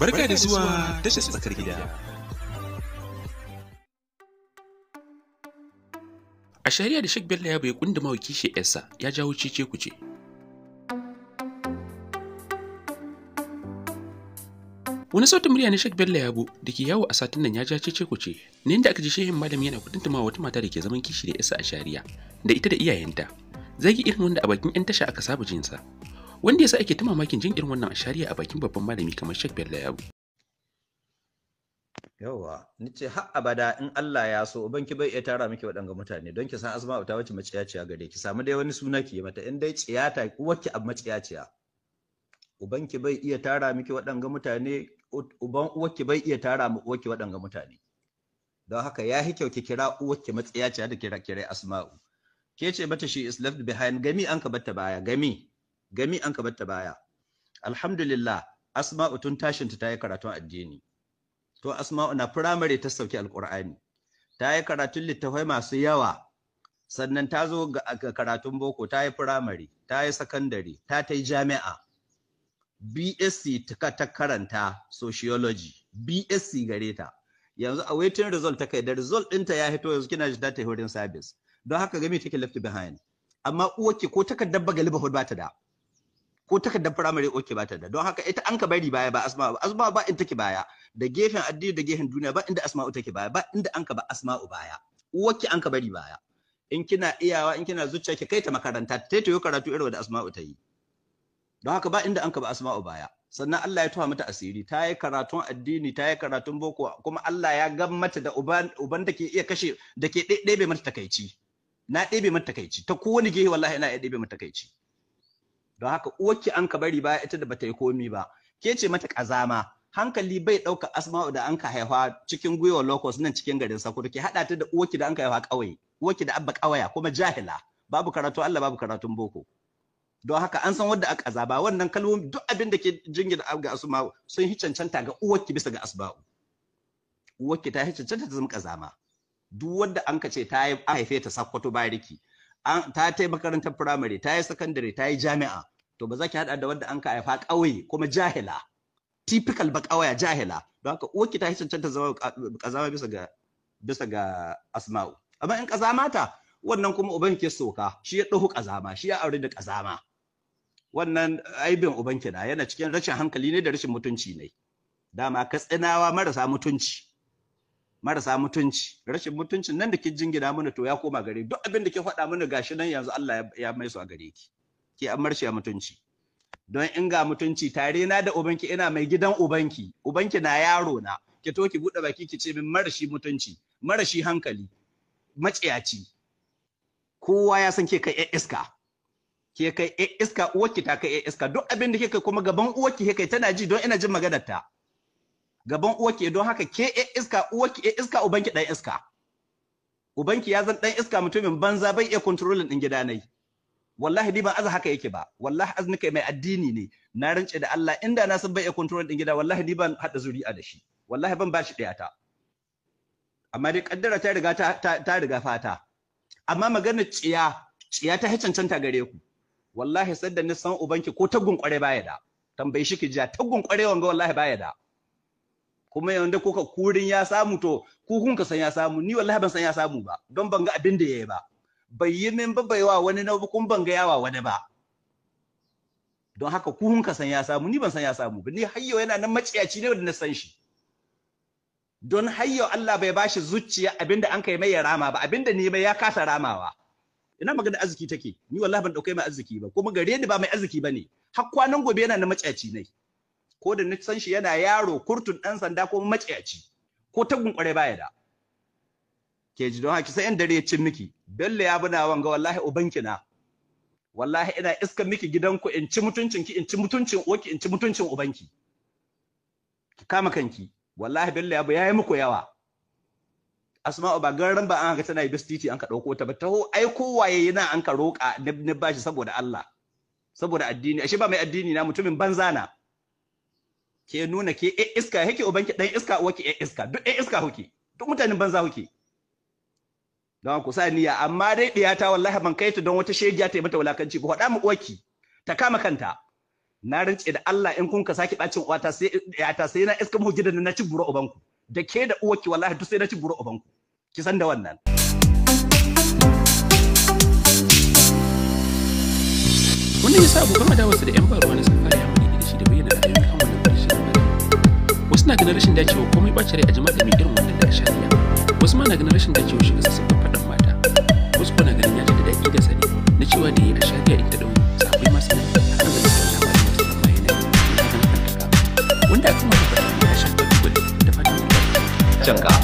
Barka da zuwa tashar tsakar gida. A shari'a da Sheikh Bello ya bai kunduma mawaki kishi ƴarsa, ya jawo cece kuce. Wani sautin murya na Sheikh Bello Yabo da ke yawo a satin nan ya ja cece kuce, ne inda aka ji shehin malami yana tumawa wata mata da ke zaman kishi da yarsa a shari'a da ita da iyayenta. zai yi irin wanda a bakin 'yan tasha aka saba jinsa. wanda yasa ake ta mamakin jin irin wannan ashariya a bakin babban malami kamar Sheikh Bello Yabo yawa ni ce har abada in Allah ya so ubanki bai iya tara miki waɗanga mutane don ki san asma'u ta wace maciyaciya gare ki samu dai wani suna ki mata in dai ciyata uwarki ab maciyaciya ubanki bai iya tara miki waɗanga mutane uban uwarki bai iya tara mu uwarki waɗanga mutane don haka ya hi kyau ki kira uwarki maciyaciya da kira kirai asma'u ke ce mata shi is left behind gami an ka batta baya gami gami an ka batta baya alhamdulillah asma'u tun tashin ta yi karatun addini to asma'u na firamare ta sauki alqur'ani ta yi karatun littafai masu yawa sannan ta zo ga karatun boko ta yi firamare ta yi sakandare ta ta yi jami'a BSc ta karanta sociology BSc gare ta yanzu a waiting result ta kai da result ɗinta ya hito yanzu kina ji ta yi wurin service don haka gami take left behind amma uwarki ko takardar bagali ba ba ta da ko takardar firamare oke ba ta da don haka ita an ka bari baya ba asma'u asma asma'u ba in take baya da gefen addini da gefen duniya ba inda asma'u take baya ba inda an ka ba asma'u baya uwarki an ka bari baya in kina iyawa in kina zuciya ki kai ta makaranta ta ta karatu irin da asma'u ta yi don haka ba inda an ka ba asma'u baya sannan Allah ya tuwa mata asiri ta yi karatun addini ta yi karatun boko kuma Allah ya gan mata da uban uban da ke iya kashe da ke ɗebe mata takaici na ɗebe mata takaici ta kowane gehe wallahi ina iya ɗebe mata takaici don haka uwarki an ka bari baya ita da bata yi komi ba ke ce mata kazama hankali bai ɗauka asma'u da an ka haifa cikin gwiwa locus nan cikin garin sakudu ki haɗa ta da uwarki da an ka haifa ƙauye uwarki da abba kawaya kuma jahila babu karatu Allah babu karatun boko don haka an san wanda aka azaba wannan kalmomi duk abin da ke jingina ga asma'u sun hi cancanta ga uwarki bisa ga asma'u uwarki ta hi cancanta ta zama kazama duk wanda an ka ce ta yi haife ta sakkwato bariki ta ta makarantar firamare ta yi sakandare ta yi jami'a to ba za ki hada da wanda an ka haifa ƙauye kuma jahila typical ba ƙawaya jahila don haka uwarki ta cancanta zama ƙazama bisa ga bisa ga asma'u amma in kazama ta wannan kuma uban ke soka shi ya dahu ƙazama shi ya aure da kazama wannan aibin uban na yana cikin rashin hankali ne da rashin mutunci ne dama katsinawa marasa mutunci marasa mutunci rashin mutuncin nan da kin jingina mana to ya koma gare duk abin da ke faɗa mana gashi nan yanzu Allah ya mai su a gare ki ke an marshe mutunci don in ga mutunci tare na da ubanki ina mai gidan ubanki ubanki na yaro na ki to ki bude baki ki ce min marashi mutunci marashi hankali matsiyaci kowa ya san ke kai iska ke kai iska uwarki ta kai iska duk abin da ke kai kuma gaban uwarki ke kai tana ji don ina jin maganar ta gaban uwarki don haka ke iska uwarki iska ubanki dan iska ubanki ya zan dan iska mutumin banza bai iya kontrolin din gidanai wallahi ni ba azu haka yake ba wallahi aznika mai addini ne na rance da Allah inda na san bai iya control din gida wallahi ni ban hada zuri'a da shi wallahi ban bashi daya ta amma dai kaddara ta riga ta ta riga fata amma magana ciya ciya ta cancanta gare ku wallahi sadda ni san ubanki ko taggun kware baya da tambayi shi ki ja taggun kware wanga wallahi baya da kuma yanda kuka kurin ya samu to ku kun ka san ya samu ni wallahi ban san ya samu ba don ban ga abin da yayi ba bai yi min ba bai wani na kuma ban ga yawa wani ba don haka ku ka san ya samu ni ban san ya samu ba ni hayyo yana nan maciyaci ne wanda na san shi don hayyo Allah bai bashi zuciya abinda an kai mai ya rama ba abinda ni mai ya kasa ramawa ina magana arziki take ni wallahi ban dauke mai arziki ba kuma gare ni ba mai arziki bane har kwanan gobe yana na maciyaci ne ko da na san shi yana yaro kurtun dan sanda ko maciyaci ko tagun kware baya da ke ji don haki sai in dare ya cin miki bello ya buna wanga wallahi ubanki na wallahi ina iska miki gidanku in ci mutuncin ki in ci mutuncin oki in ci mutuncin ubanki ki kama kanki wallahi bello ya bu yayi muku yawa asma'u ba garan ba an haka tana bis an ka dauko ta ba taho ai waye yana an ka roka na bashi saboda Allah saboda addini ashe ba mai addini na mutumin banza na ke nuna ke iska yake ubanki dan iska uwaki iska duk iska huke duk mutanen banza huke don ku sa niyya amma dai diyata wallahi ban kai ta don wata shegiya ta yi mata wulakanci ba faɗa mu uwarki ta kama kanta na rince da Allah in kun ka saki bacin ta sai ta sai na iska mu gidan na ci uban ku da ke da uwaki wallahi duk sai na ci uban ku ki san da wannan wannan yasa abokan adawarsa da 'yan baruwa na sun fara yamma da shi da bayyana da kan wannan ƙarshen wasu na ganin rashin dacewa komai ɓacin rai a jama'a da mai irin wannan da shari'a wasu ma na ganin rashin dacewar shiga sassan faɗin mata wasu kuma na ganin ya da daki da sani na cewa da yi a shari'a ita da wani sabai masu nan har da wasu labarin masu nan mai yanayi da kan hantaka wanda aka kuma kuma ya shafi dubali da fatan ka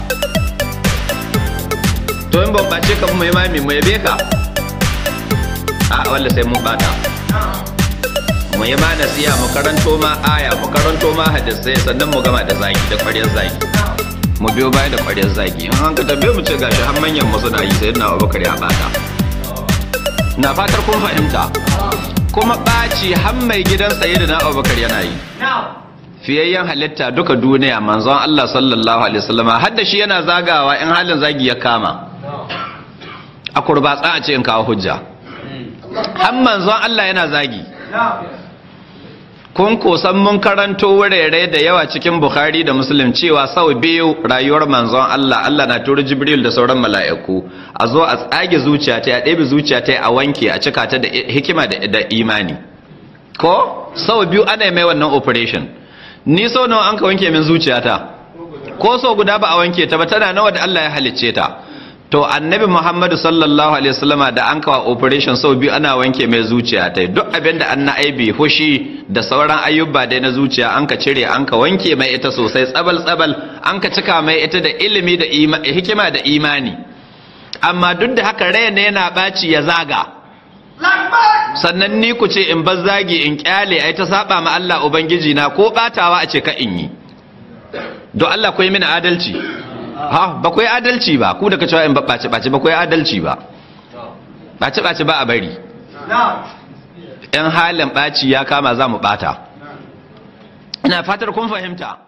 to in ban bace ka mai mami mai yabe ka a wanda sai mun bata mu yi ma nasiya mu karanto ma aya mu karanto ma hadisai sannan mu gama da zaki da kwaryar zaki mu biyo baya da ƙwaryar zagi in an ka tambaye mu ce gashi har manyan mu suna yi sai Abubakar ya bata na fatar kun fahimta kuma ɓaci har mai gidan sayi na Abubakar yana yi fiyayyen halitta duka duniya manzon Allah sallallahu alaihi wasallama har da shi yana zagawa in halin zagi ya kama a kurbatsa a ce in kawo hujja har manzon Allah yana zagi kun kosan mun karanto wurare da yawa cikin bukhari da muslim cewa sau biyu rayuwar manzon Allah Allah na turi jibril da sauran mala'iku a zo a tsage zuciya ta a ɗebe zuciya ta a wanke a cika ta da hikima da imani ko sau biyu ana mai wannan operation ni so nawa an ka wanke min zuciya ta ko so guda ba a wanke ta ba tana nawa da Allah ya halicce ta to annabi muhammadu sallallahu alaihi wasallama da an kawo operation sau biyu ana wanke mai zuciya ta duk abin da an na aibi hushi da sauran ayyuba dai na zuciya an ka cire an ka wanke mai ita sosai tsabal tsabal an ka cika mai ita da ilimi da hikima da imani amma duk da haka raina yana ɓaci ya zaga sannan ni ku ce in bar zagi in kyale ai ta saba ma Allah ubangiji na ko batawa a ce ka in yi don Allah ku yi mini adalci ha ba ku adalci ba ku daga cewa in ba ɓace ɓace ba ku adalci ba ɓace ɓace ba a bari yan halin ɓaci ya kama za mu ɓata ina fatar kun fahimta